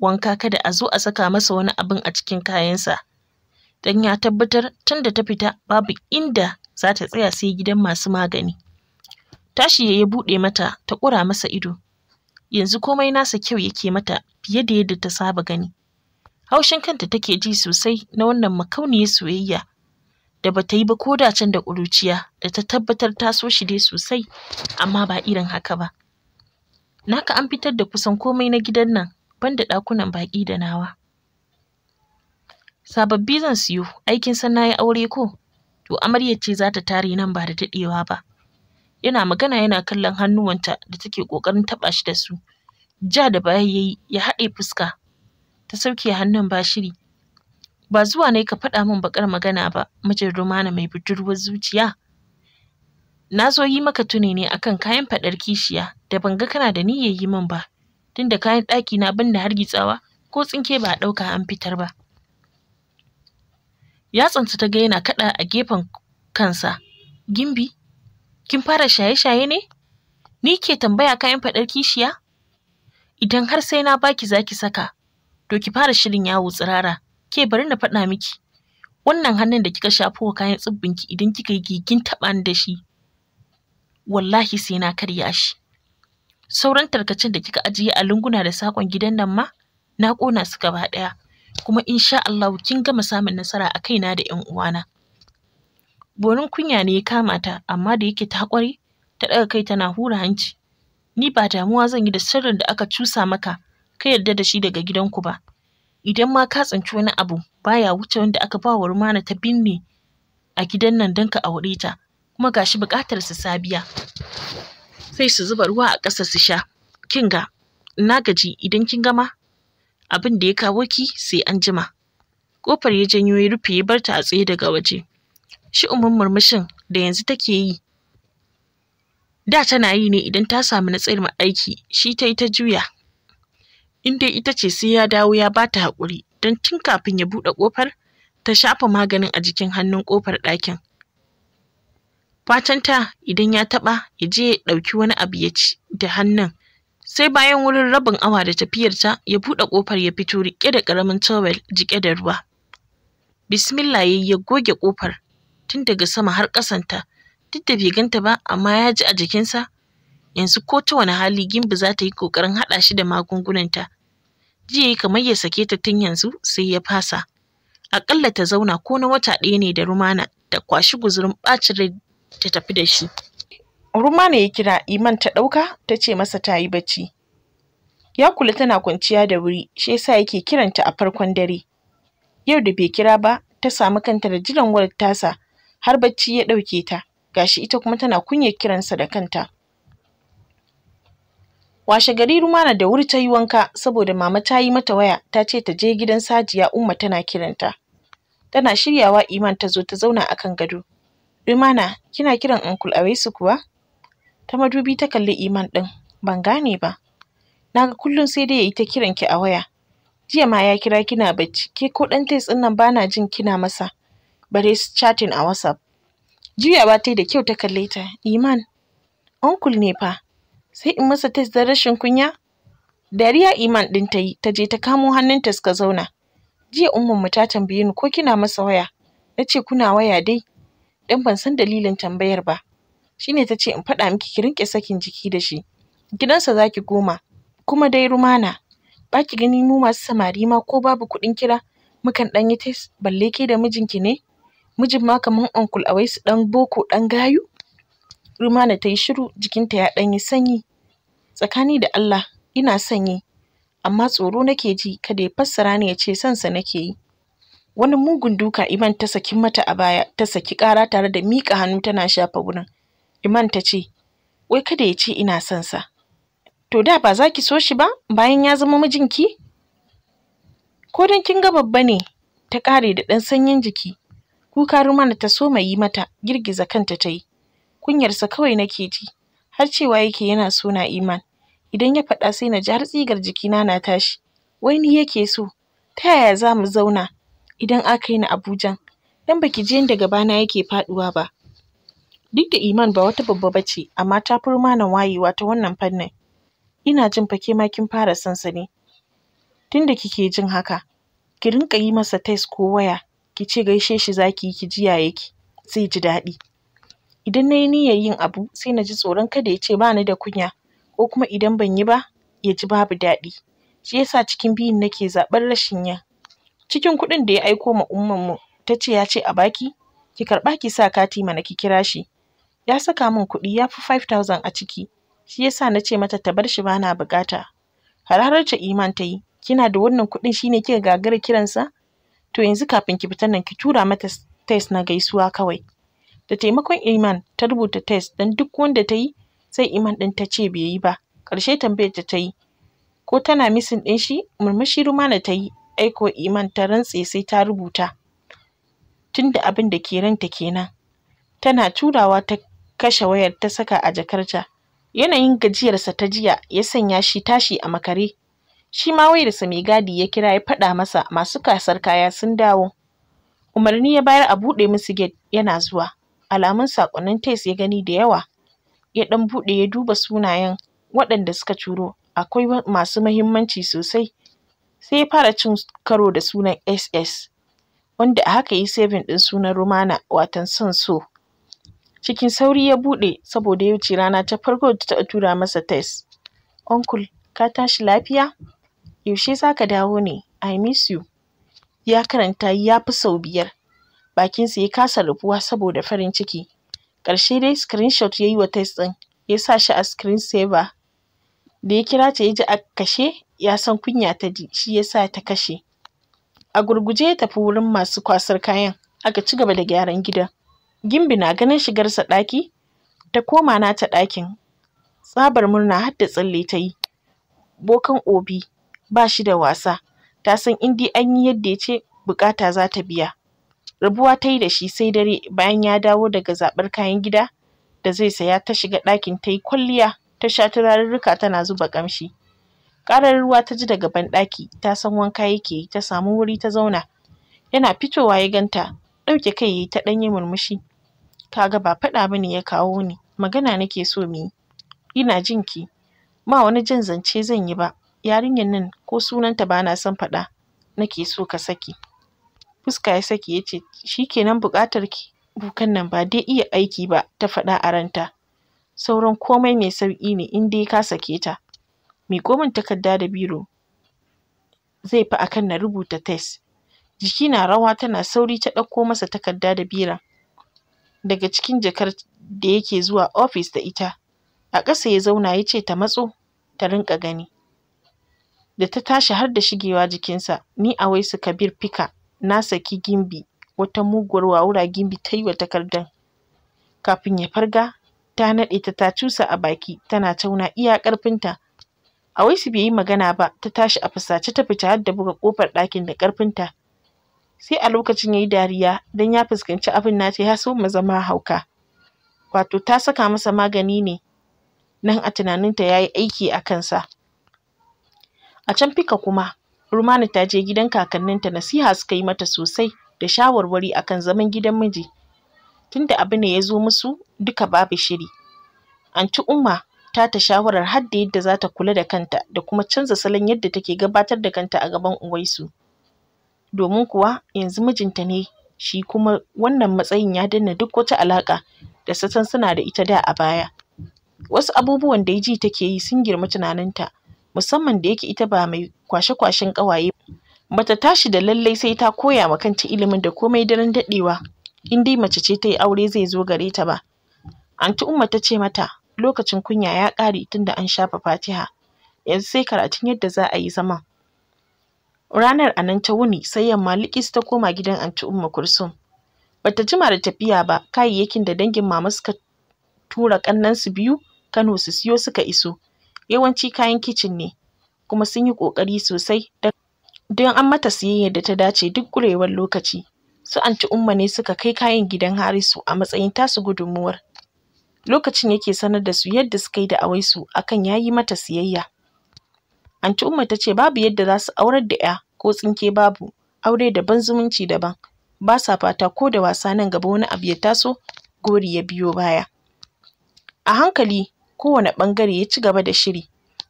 wanka kada a zo a saka masa wani abin a cikin kayansa Dan ya tabbatar tun da ta fita babu inda za ta tsaya sai gidan masu magani tashi ya buɗe mata ta ƙura masa ido yanzu komai nasa kyau yake mata fiye da yadda ta saba gani haushin kanta take ji sosai na wannan makauniyar soyayya da ba ta yi ba ko da can da ƙuruciya da ta tabbatar ta so shi dai sosai amma ba irin haka ba naka an fitar da kusan komai na gidan nan banda ɗakunan baƙi da nawa sababbi zan siyo aikin sannan na aure ko to amaryar ce za ta tare nan ba da daɗewa ba yana magana yana kallon hannuwanta da take ƙoƙarin taɓa shi da su ja da baya yayi ya haɗe fuska ta sauke hannun ba ba zuwa ne ka faɗa min baƙar magana ba mijin rumana mai budurwar zuciya na zo yi maka tuni ne akan kayan faɗar kishiya da ban ga kana da niyyar yi min ba tunda kayan ɗaki na ban da hargitsawa ko tsinke ba a ɗauka an fitar ba yatsansa ta ga yana kaɗa a gefen kansa gimbi kin fara shaye-shaye ne? Ni ke tambaya kayan faɗar kishiya? Idan har sai na baki za ki saka, to ki fara shirin yawo tsirara, ke bari na faɗa miki. Wannan hannun da kika shafo wa kayan tsibbinki idan kika yi gigin taɓa da shi, wallahi sai na karya shi. Sauran tarkacin da kika ajiye a lunguna da sakon gidan nan ma, na kona su gaba ɗaya, kuma insha Allah kin gama samun nasara a kaina da 'yan uwana. borin kunya ne ya kama ta amma da yake ta ƙware ta ɗaga kai tana hura hanci ni ba damuwa zan yi da sirrin da aka cusa maka ka yarda da shi daga gidanku ba idan ma ka tsinci wani abu baya wuce wanda aka ba wa rumana ta binne a gidan nan don ka aure ta kuma gashi buƙatar su sabiya sai su zuba ruwa a ƙasa su sha kin ga na gaji idan kin gama abin da ya kawo ki sai anjima. jima kofar ya janyo ya rufe ya barta a tsaye daga waje shi umin murmushin da yanzu take yi da tana yi ne idan ta samu natsayar aiki shi ta yi ta juya in ita ce sai ya dawo ya bata haƙuri don tun kafin ya buɗe ƙofar ta shafa maganin a jikin hannun ƙofar ɗakin fatanta idan ya taɓa ya je ya ɗauki wani abu ya ci da hannun sai bayan wurin rabin awa da tafiyarta ya buɗe ƙofar ya fito riƙe da ƙaramin towel jiƙe da ruwa bismillah ya goge ƙofar tun daga sama har ƙasanta duk da bai ganta ba amma ya ji a jikinsa yanzu ko ta wani hali gimbi za ta yi ƙoƙarin haɗa shi da magungunanta jiya yi kamar ya sake ta tun yanzu sai ya fasa aƙalla ta zauna ko na wata ɗaya ne da rumana ta kwashi guzurin ɓacin rai ta tafi da shi rumana ya kira iman ta ɗauka ta ce masa ta yi bacci ya kula tana kwanciya da wuri shi yasa yake kiranta a farkon dare yau da bai kira ba ta samu kanta da jiran wayar tasa har bacci ya ɗauke ta gashi ita kuma tana kunya kiransa da kanta washe gari rumana da wuri ta yi wanka saboda mama ta yi mata waya ta ce ta je gidan sajiya umma tana kiranta tana shiryawa iman ta zo ta zauna akan gado rumana kina kiran uncle awaisu kuwa ta madubi ta kalli iman ɗin ban gane ba Na ga kullum sai dai yayi ta kiran ki a waya jiya ma ya kira kina bacci ke ko ɗan tes ɗin nan bana jin kina masa bare su chatting a WhatsApp. Juyawa ta da kyau ta kalle ta, Iman, uncle ne fa, sai in masa test don rashin kunya? Dariya Iman ɗin ta yi, ta je ta kamo hannunta suka zauna. Jiya mu ta tambaye ni ko kina masa waya, na ce kuna waya dai, dan ban san dalilin tambayar ba. Shine ta ce in faɗa miki ki rinƙe sakin jiki da shi, gidansa za ki goma, kuma dai rumana. Ba ki gani mu masu samari ma ko babu kuɗin kira mukan ɗan yi test balle ke da mijinki ne? mijin ma kaman uncle Awaisu ɗan boko ɗan gayu Rumana ta yi shiru jikinta ya ɗan yi sanyi tsakani da Allah ina sanyi amma tsoro nake ji kada ya fassara ni ya ce sansa nake yi wani mugun duka Iman ta saki mata a baya ta saki ƙara tare da miƙa hannu tana shafa wurin Iman ta ce wai kada ya ce ina son to da ba za ki so shi ba bayan ya zama mijinki ko don kin ga babba ne ta ƙare da ɗan sanyin jiki Kuka mana ta so mai yi mata, girgiza kanta ta yi. Kunyarsa kawai nake ji, har cewa yake yana so na Iman. Idan ya faɗa sai na ji har tsigar jikina na tashi. Wai ni yake so, ta yaya za mu zauna idan aka yi na Abuja? Dan baki ji da gabana yake faɗuwa ba. Duk da Iman ba wata babba ba ce, amma ta fi Rumanan wayewa ta wannan fannin. Ina jin fa ma kin fara sansani. Tunda kike jin haka, ki rinka yi masa test ko waya ki ce gaishe shi zaki, ki yi ki ji ya yake zai ji daɗi idan na yi niyyar yin abu sai na ji tsoron kada ya ce ba ni da kunya ko kuma idan ban yi ba ya ji babu daɗi shi yasa cikin biyun nake zaɓar rashin yin cikin kuɗin da ya aiko ma umman mu ta ce ya ce a baki ki karɓa ki sa kati mana ki kira shi ya saka min kuɗi ya fi 5000 a ciki shi yasa na ce mata ta bar shi bana bukata hararar ta iman ta yi kina da wannan kuɗin shi ne kika gagara kiransa to yanzu kafin ki fita nan ki tura mata test na gaisuwa kawai da taimakon iman ta rubuta test don duk wanda ta yi sai iman ɗin ta ce bai yi ba Karshe tambayar ta ta yi ko tana misin ɗin shi murmushi rumana ta yi aiko iman ta rantse sai ta rubuta tunda abin da ke ranta kenan tana turawa ta kashe wayar ta saka a jakarta yanayin gajiyarsa ta jiya ya sanya shi tashi a makare shi ma da mai gadi ya kira ya faɗa masa masu kasar kaya sun dawo umarni ya bayar a buɗe musu gate yana zuwa alamun saƙonnin text ya gani da yawa ya ɗan buɗe ya duba sunayen waɗanda suka curo, akwai masu mahimmanci sosai sai ya fara cin karo da sunan SS wanda a haka yi saving ɗin sunan Rumana watan son so cikin sauri ya buɗe saboda ya wuce rana ta farko da ta tura masa test uncle ka tashi lafiya yaushe za ka dawo ne? I miss you. Ya karanta ya fi sau biyar. Bakinsa ya kasa rufuwa saboda farin ciki. Ƙarshe dai shot ya yi wa test ɗin, ya sa shi a screen saver Da ya kira ta ya ji a kashe, ya san kunya ta ji, shi ya sa ta kashe. A gurguje ya tafi wurin masu kwasar kayan, aka ci gaba da gyaran gidan. Gimbi na ganin shigarsa ɗaki, ta koma nata ɗakin. Tsabar murna har da tsalle ta yi. Bokan Obi ba shi da wasa, ta san in dai an yi yadda ya ce buƙata za ta biya. Rabuwa ta yi da shi sai dare bayan ya dawo daga zaɓar kayan gida da zai saya ta shiga ɗakin ta yi kwalliya ta sha turaruka tana zuba ƙamshi. Ƙarar ruwa ta ji daga banɗaki ta san wanka yake yi ta samu wuri ta zauna. Yana fitowa ya ganta ɗauke kai ya yi ta ɗan yi murmushi. Ka ga ba faɗa ba ne ya kawo ni magana nake so mu yi. Ina jin ki ba wani jin zance zan yi ba yarinyar nan ko sunanta ba na son faɗa nake so ka saki fuska ya saki ya ce shi kenan buƙatar ki bukan nan ba dai iya aiki ba ta faɗa a ranta sauran komai mai sauƙi ne in dai ka sake ta miƙo min takarda da biro zai fi akan na rubuta test jiki na rawa tana sauri ta ɗauko masa takarda da biran daga cikin jakar da yake zuwa ofis da ita a ƙasa ya zauna ya ce ta matso ta rinƙa gani da ta tashi har da shigewa jikinsa. Ni su Kabir Fika na saki Gimbi wata muguwar wawura Gimbi ta yi wa takardar. Kafin ya farga ta naɗe ta ta cusa a baki tana tauna iya ƙarfinta. su bai yi magana ba ta tashi a fusace ta fita har da buga ƙofar ɗakin da ƙarfinta. Sai a lokacin ya yi dariya don ya fuskanci abin nata ya so ma zama hauka. Wato ta saka masa magani ne nan a tunaninta ya yi aiki a kansa. A can Fika kuma, Rumana ta je gidan kakanninta nasiha suka yi mata sosai da shawarwari akan zaman gidan miji. Tunda abu ne ya zo musu duka babu shiri. Anti Umma ta ta shawarar har da yadda za ta kula da kanta da kuma canza salon yadda take gabatar da kanta a gaban uwaisu. Domin kuwa yanzu mijinta ne shi kuma wannan matsayin ya danna duk wata alaƙa da satan suna da ita da a baya. Wasu abubuwan da ya ji take yi sun girma tunaninta. musamman da yake ita ba mai kwashe-kwashen ƙawaye bata tashi da lallai sai ta koya ma kanta ilimin da komai daren daɗewa in dai mace ce ta yi aure zai zo gare ta ba anti umma ta ce mata lokacin kunya ya ƙare tunda an shafa fatiha yanzu sai karatun yadda za a yi zaman ranar anan ta wuni sai yamma likis ta koma gidan anti umma kursum bata jima da tafiya ba kayayyakin da dangin mama suka tura ƙannensu biyu kano su siyo suka iso yawanci kayan kicin ne kuma sun yi ƙoƙari sosai don an mata siyayyar da ta dace duk ƙurewar lokaci su anti umma ne suka kai kayan gidan harisu a matsayin tasu gudunmuwar lokacin yake sanar da su yadda suka yi da awai su akan ya yi mata siyayya anti umma ta ce babu yadda za su aurar da ya ko tsinke babu aure daban zumunci daban ba sa fata ko da wasa nan gaba wani abu ya taso gori ya biyo baya a hankali kowane ɓangare ya ci gaba da shiri.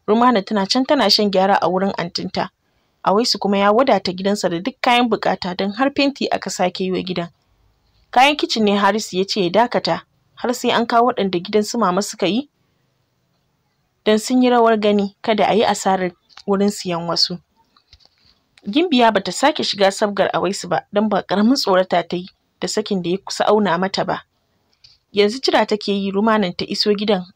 Rumana tana can tana shan gyara a wurin antinta. Awaisu kuma ya wadata gidansa da duk kayan bukata don har fenti aka sake yi wa gidan. Kayan kicin ne Harisu ya ce ya dakata har sai an kawo waɗanda gidan su mama suka yi don sun yi rawar gani kada a yi asarar wurin siyan wasu. Gimbiya ba bata sake shiga sabgar Awaisu ba don ba ƙaramin tsorata ta yi da sakin da ya kusa auna mata ba. Yanzu jira take yi rumanan ta iso gidan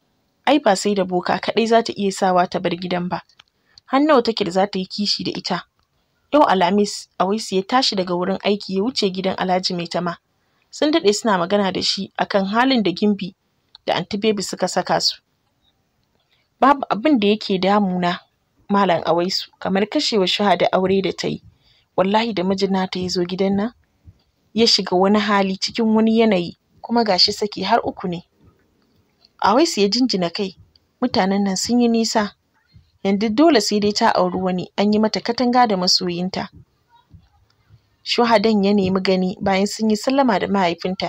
ai ba sai da boka kaɗai za ta iya sawa ta bar gidan ba har nawa take da za ta yi kishi da ita yau alhamis awaisu ya tashi daga wurin aiki ya wuce gidan alhaji mai tama sun daɗe suna magana da shi akan halin da gimbi da anti suka saka su babu abin da yake damuna malam awaisu kamar kashewa da aure da ta yi wallahi da mijina ta ya zo gidan nan ya shiga wani hali cikin wani yanayi kuma gashi saki har uku ne a su ya jinjina kai, mutanen nan sun yi nisa, yanzu dole sai dai ta auri wani an yi mata katanga da masoyinta. Shuhadan ya nemi gani bayan sun yi sallama da mahaifinta.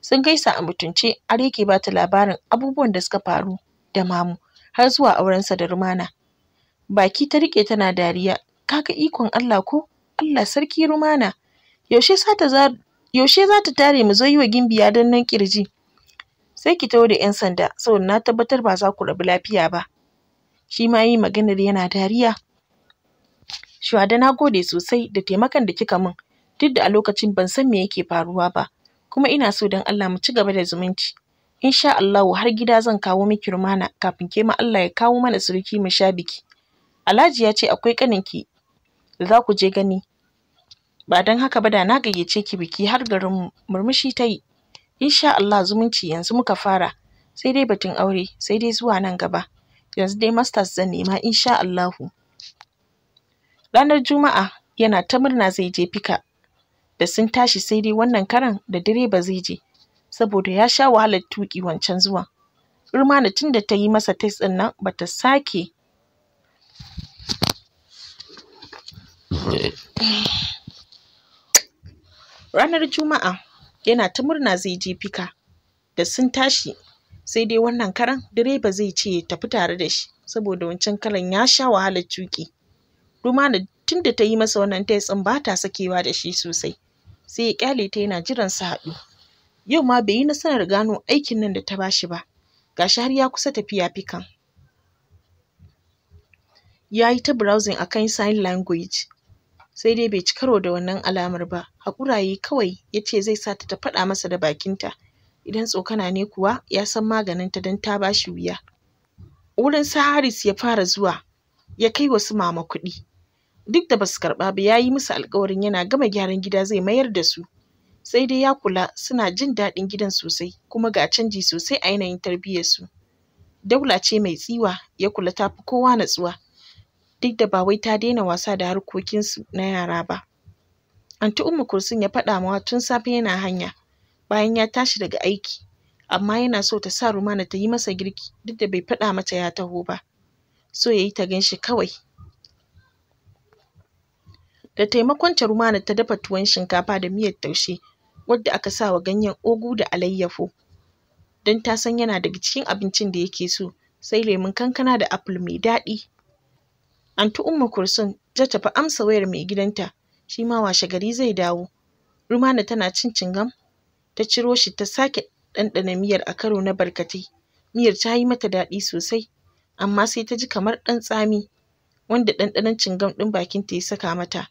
Sun gaisa a mutunce har yake ba ta labarin abubuwan da suka faru da mamu har zuwa aurensa da rumana. Baki ta riƙe tana dariya, ga ikon Allah ko? Allah sarki rumana. Yaushe za ta tare mu zo yi wa gimbiya don nan kirji sai ki taho da ‘yan sanda saboda na tabbatar ba za ku rabu lafiya ba. Shi ma yi maganar yana dariya. Shuhada na gode sosai da taimakon da kika min duk da a lokacin ban san me yake faruwa ba kuma ina so don Allah mu ci gaba da zumunci. Insha Allahu har gida zan kawo miki rumana kafin ke ma Allah ya kawo mana suruki mu sha biki. Alhaji ya ce akwai ki. da za ku je gani ba don haka ba da na gayyace ki biki har garin murmushi ta yi. Insha Allah zumunci yanzu muka fara, sai dai batun aure sai dai zuwa nan gaba. Yanzu dai masters zan nema insha Allahu. Ranar Juma'a yana ta murna zai je fika da sun tashi sai dai wannan karan da direba zai je saboda ya sha wahalar tuƙi wancan zuwa. urmana tun da ta yi masa test ɗin nan bata sake eh. Ranar Juma'a yana ta murna zai je fika da sun tashi sai dai wannan karan direba zai ce ya tafi tare da shi saboda wancan kalan ya sha wahalar tuƙi rumana tun da ta yi masa wannan test ɗin ba ta sakewa da shi sosai sai ya kyale ta yana jiran su haɗu yau ma bai yi nasarar gano aikin nan da ta ba shi ba gashi har ya kusa tafiya fikan ya yi ta browsing kan sign language sai dai bai ci karo da wannan alamar ba haƙura yayi kawai ya ce zai sa ta faɗa masa da bakinta idan tsokana ne kuwa ya san maganinta don ta ba shi wuya wurin sa Haris ya fara zuwa ya kai wasu mama kuɗi duk da basu karɓa ba ya yi musu alƙawarin yana gama gyaran gida zai mayar da su sai dai ya kula suna jin daɗin gidan sosai kuma ga canji sosai a yanayin tarbiyyarsu daula ce mai tsiwa ya kula tafi kowa natsuwa duk da ba wai ta daina wasa da harkokinsu na yara ba. Anti Ummu Kulsum ya faɗa mawa tun safe yana hanya bayan ya tashi daga aiki amma yana so ta sa Rumana ta yi masa girki duk da bai faɗa mata ya taho ba. So ya yi ta gan shi kawai. Da taimakon ta Rumana ta dafa tuwon shinkafa da miyar taushe wadda aka sa wa ganyen ogu da alayyafo don ta san yana daga cikin abincin da yake so sai lemun kankana da apple mai daɗi Antu Umma Kursun ta tafi amsa wayar mai gidanta, shi ma washe gari zai dawo. Rumana tana cin cingam, ta ciro shi ta sake ɗanɗana miyar a karo na barkatai. Miyar ta yi mata daɗi sosai, amma sai ta ji kamar ɗan tsami, wanda ɗanɗanon cingam ɗin bakinta ya saka mata.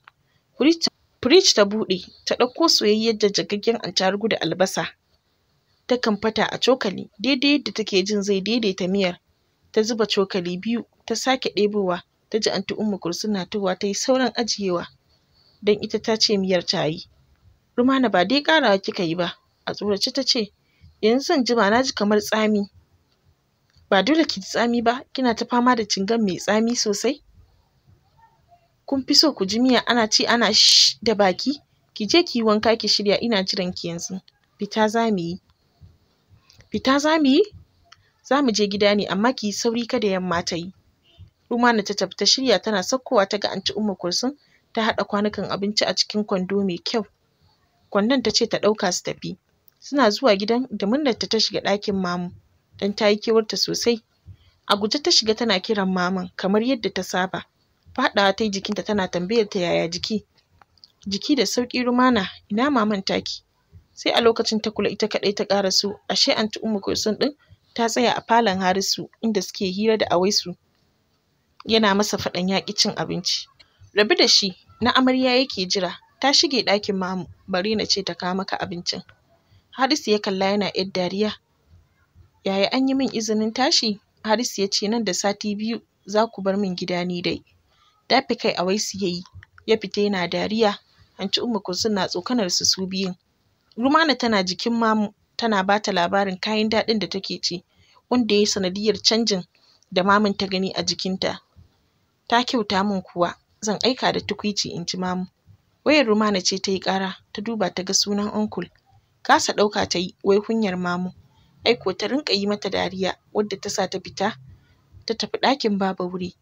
Firij ta buɗe, ta ɗauko soyayyar jajjagaggen attarugu da albasa. Ta kamfata a cokali, daidai yadda take jin zai daidaita miyar. Ta zuba cokali biyu, ta sake ɗebowa, ta ji anti Umma kursuna tuwa ta yi sauran ajiyewa don ita ta ce miyar ta yi rumana ba dai karawa kika yi ba a tsorace ta ce yanzu zan jima na ji kamar tsami ba dole ki ji tsami ba kina ta fama da cingan mai tsami sosai kun fi so ku ji miya ana ci ana shi da baki ki je ki yi wanka ki shirya ina jiran ki yanzu fita za mu yi fita za mu yi za mu je gida ne amma ki yi sauri kada yamma ta yi Rumana ta tafi ta shirya tana saukowa ta ga anti Umma Kulsum ta haɗa kwanukan abinci a cikin kwando mai kyau. Kwandon ta ce ta ɗauka su tafi. Suna zuwa gidan da Minnat ta shiga ɗakin mamu don ta yi kewarta sosai. A guje ta shiga tana kiran maman kamar yadda ta saba. Faɗawa ta yi jikinta tana tambayar ta yaya jiki. Jiki da sauƙi Rumana ina maman taki? Sai a lokacin ta kula ita kaɗai ta ƙara so ashe anti Umma Kulsum ɗin ta tsaya a falon Harisu inda suke hira da Awaisu. yana masa faɗan yaƙi cin abinci Rabi da shi na amarya yake jira ta shige ɗakin mamu bari na ce ta kawo maka abincin harisu ya kalla yana yar dariya yaya an yi min izinin tashi harisu ya ce nan da sati biyu za ku bar min gida ni dai dafi kai a waisu ya yi ya fita yana dariya hanci umma kulsun na tsokanar su su biyun rumana tana jikin mamu tana ba ta labarin kayan daɗin da take ci wanda ya yi sanadiyar canjin da mamun ta gani a jikinta ta kyauta min kuwa zan aika da tukwici in ji mamu wayar rumana ce ta yi ƙara ta duba ta ga sunan onkul kasa ɗauka ta yi wai kunyar mamu aiko ta rinƙa yi mata dariya wadda ta sa ta fita ta tafi ɗakin baba wuri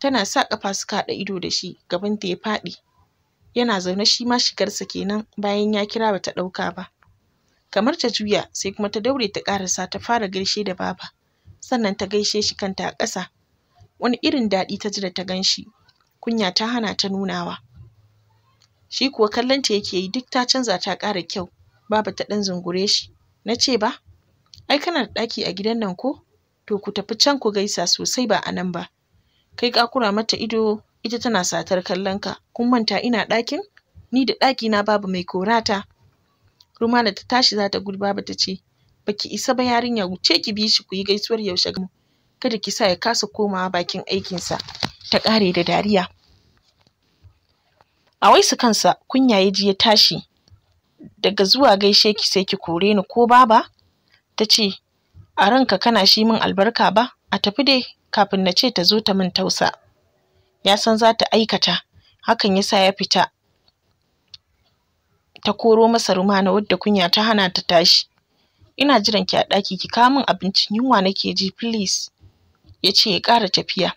tana sa ƙafa suka haɗa ido da shi gaban gabanta ya faɗi yana zaune shi ma shigarsa kenan bayan ya kira bata ɗauka ba kamar ta juya sai kuma ta daure ta ƙarasa ta fara gaishe da baba sannan ta gaishe shi kanta a ƙasa wani irin daɗi ta ji da ta gan shi kunya ta hana ta nunawa shi kuwa kallon ta yake yi duk ta canza ta ƙara kyau babu ta ɗan zungure shi na ce ba ai kana da ɗaki a gidan nan ko to ku tafi can ku gaisa sosai ba a nan ba kai ka kura mata ido ita tana satar kallon ka kun manta ina ɗakin ni da ɗaki na babu mai korata rumana ta tashi za ta gudu babu ta ce baki isa ba yarinya wuce ki bi shi ku yi gaisuwar yaushe gamu kada ki sa ya kasa komawa bakin aikinsa ta ƙare da dariya a waisu kansa kunya ya ji ya tashi daga zuwa gaishe ki sai ki kore ni ko baba ta ce a ranka kana shi min albarka ba a tafi dai kafin na ce ta zo ta min tausa ya san za ta aikata hakan ya sa ya fita ta koro masa rumana wadda kunya ta hana ta tashi ina jiran ki a ɗaki ki kawo min abincin yunwa nake ji please ya ce ya ƙara tafiya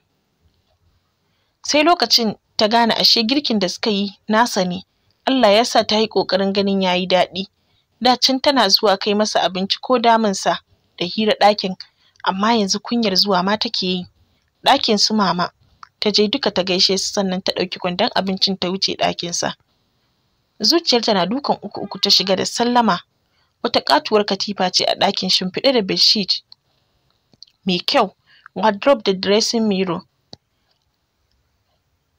sai lokacin ta gane ashe girkin da suka yi nasa ne Allah ya sa ta yi ƙoƙarin ganin ya yi daɗi da can tana zuwa kai masa abinci ko damunsa da hira ɗakin amma yanzu kunyar zuwa ma take yi ɗakin su mama ta je duka ta gaishe su sannan ta ɗauki kwandon abincin ta wuce ɗakinsa zuciyarta na dukan uku uku ta shiga da sallama wata ƙatuwar katifa ce a ɗakin shimfiɗe da bedsheet mai kyau wardrobe da dressing mirror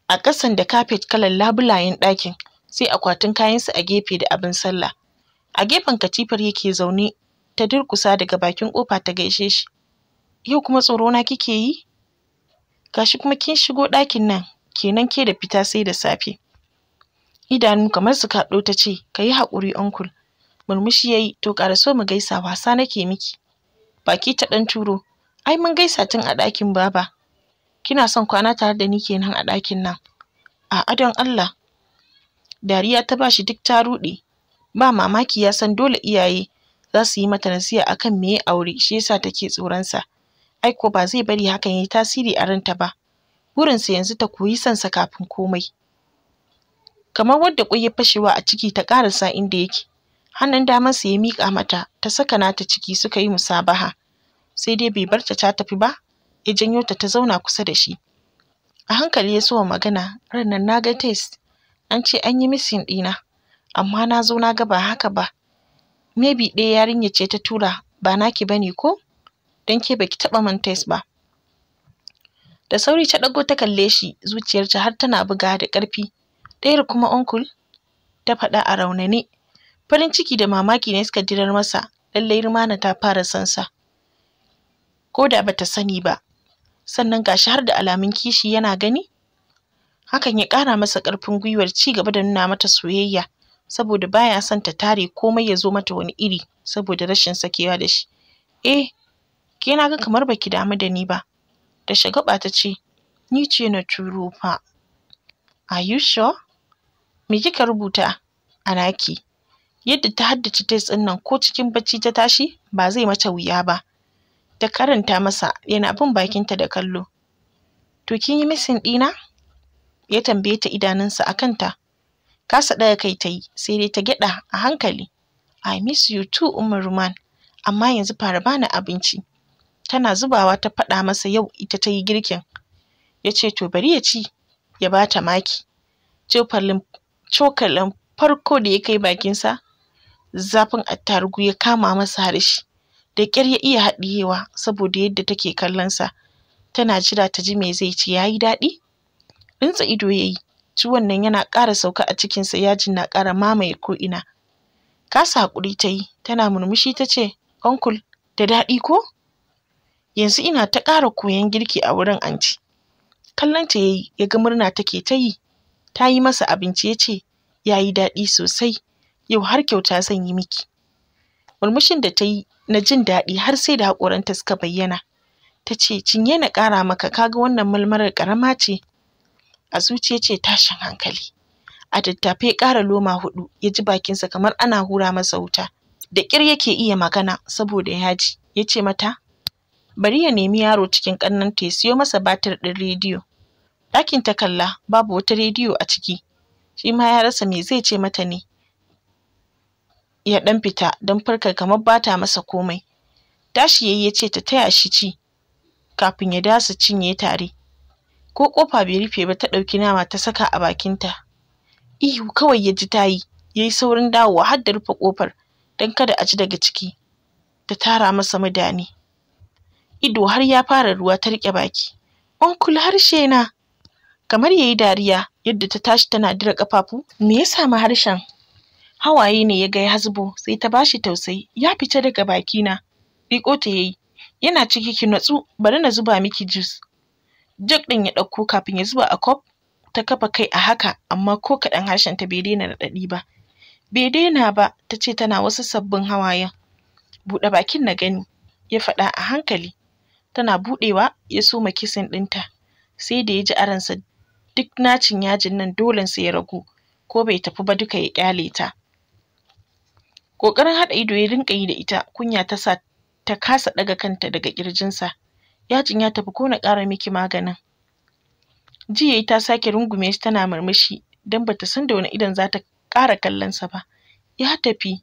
a ƙasan da kafet kalar labulayen ɗakin sai akwatin kayansu a gefe da abin sallah a gefen katifar yake zaune ta durƙusa daga bakin ƙofa ta gaishe shi yau kuma tsoro na kike yi gashi kuma kin shigo ɗakin nan kenan ke da fita sai da safe idanu kamar su kaɗo ta ce ka yi haƙuri uncle murmushi ya yi to ƙara so mu gaisa wasa nake miki baki ta ɗan turo ai mun gaisa tun a ɗakin baba kina son kwana tare da ni kenan a ɗakin nan a'a don Allah dariya ta bashi duk ta ruɗe ba mamaki ya san dole iyaye za su yi mata nasiha akan me aure shi yasa take tsoron sa ai ko ba zai bari hakan yayi tasiri a ranta ba burin sa yanzu ta koyi son sa kafin komai kamar wadda kwai ya fashewa a ciki ta ƙarasa inda yake hannun damar sa ya mika mata ta saka nata ciki suka yi musabaha sai dai bai barta ta tafi ba ya janyo ta ta zauna kusa da shi a hankali ya soma magana rannan na ga test an ce an yi missing ɗina amma na zo na ga ba haka ba maybe ɗaya yarinya ce ta tura ba naki ba ne ko don ke baki taɓa man test ba da sauri ta ɗago ta kalle shi zuciyar ta har tana buga da ƙarfi ɗayar kuma uncle! ta faɗa a raunane farin ciki da mamaki ne suka dirar masa lallai rumana ta fara sansa ko da bata sani ba sannan gashi har da alamun kishi yana gani hakan ya ƙara masa ƙarfin gwiwar ci gaba da nuna mata soyayya saboda baya son ta tare komai ya zo mata wani iri saboda rashin sakewa da shi eh ke na ga kamar baki damu da ni ba da shagaba ta ce ni ce na turo fa are you sure me kika rubuta a naki yadda ta haddace tes ɗin nan ko cikin bacci ta tashi ba zai mata wuya ba ta karanta masa yana bin bakinta da kallo to kin yi misin ɗina ya tambaye ta idanunsa a kanta kasa ɗaga kai ta yi sai dai ta gyaɗa a hankali i miss you too umar ruman amma yanzu fara bani abinci tana zubawa ta faɗa masa yau ita ta yi girkin ya ce to bari ya ci ya ba ta maki cokalin farko da ya kai bakinsa zafin attarugu ya kama masa harshe da ƙyar ya iya haɗiyewa saboda yadda take kallonsa tana jira ta ji me zai ce ya yi daɗi rintsa ido ya yi ciwon nan yana ƙara sauka a cikinsa yajin na ƙara mamaye ko'ina kasa haƙuri ta yi tana murmushi ta ce onkul da daɗi ko yanzu ina ta ƙara koyon girki a wurin anti kallonta ya yi ya ga murna take ta yi ta yi masa abinci ya ce ya yi daɗi sosai yau har kyauta zan yi miki murmushin da ta yi na jin daɗi har sai da haƙoranta suka bayyana ta ce cinye na ƙara maka kaga wannan malmalar ƙarama ce a zuciya ce tashin hankali a tattafe ƙara loma hudu, ya ji bakinsa kamar ana hura masa wuta da ƙyar yake iya magana saboda ya ji ya ce mata bari ya nemi yaro cikin ƙannanta ya siyo masa batir ɗin rediyo ɗakin ta kalla babu wata rediyo a ciki shi ma ya rasa me zai ce mata ne ya ɗan fita don farkar kamar ba ta masa komai. Tashi yayi ya ce ta taya shi ci kafin ya dasa cinye tare. Ko ƙofa bai rufe ba ta ɗauki nama ta saka a bakinta. Ihu kawai ya ji ta yi, ya yi saurin dawowa har da rufe ƙofar don kada a ji daga ciki. Ta tara masa mudane. Ido har ya fara ruwa ta riƙe baki. Onkul harshe na! Kamar ya yi dariya yadda ta tashi tana dira ƙafafu, me ya samu harshen? hawaye ne ya ga ya zubo sai ta bashi tausayi ya fita daga bakina riko ta yayi yana ciki ki natsu bari na zuba miki juice jug din ya ɗauko kafin ya zuba a kof ta kafa kai a haka amma ko kaɗan harshen ta bai daina raɗaɗi ba bai daina ba ta ce tana wasu sabbin hawayen buɗe bakin na gani ya faɗa a hankali tana buɗewa ya soma kisin ɗinta sai da ya ji aransa duk nacin yajin nan dolen sai ya ragu ko bai tafi ba duka ya ƙyale ta Ƙoƙarin haɗa ido ya rinƙa yi da ita, kunya ta sa ta kasa ɗaga kanta daga sa. Yajin ya tafi ko na ƙara miki maganin. Ji ta sake rungume shi tana murmushi don bata san da wani idon za ta ƙara kallonsa ba. Ya tafi.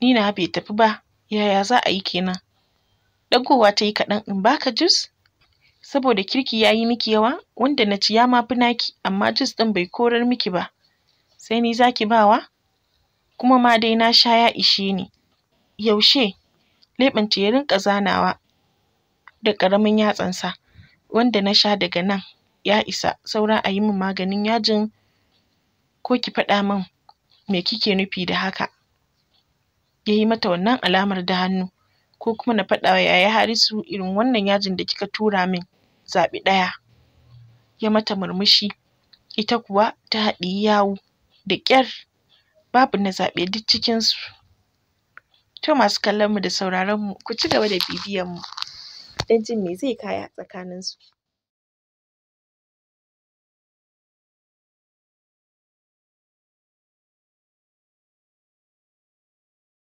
Nina bai tafi ba. Yaya za a yi kenan? Dagowa ta yi kaɗan in baka jus? Saboda kirki ya yi miki yawa wanda na ci ya ma fi naki amma jus ɗin bai korar miki ba. Sai ni zaki bawa? kuma ma dai na sha ya ishe ni. Yaushe? leɓenta ya rinƙa zanawa da ƙaramin yatsansa. Wanda na sha daga nan ya isa sauran a yi min maganin yajin ko ki faɗa min me kike nufi da haka. Ya yi mata wannan alamar da hannu ko kuma na faɗa wa Yaya Harisu irin wannan yajin da kika tura min zaɓi ɗaya. Ya mata murmushi ita kuwa ta haɗiyi yawu da ƙyar babu na zaɓe duk cikinsu. To masu kallon mu da sauraron mu ku cigaba da bibiyan mu don jin me zai kaya tsakaninsu.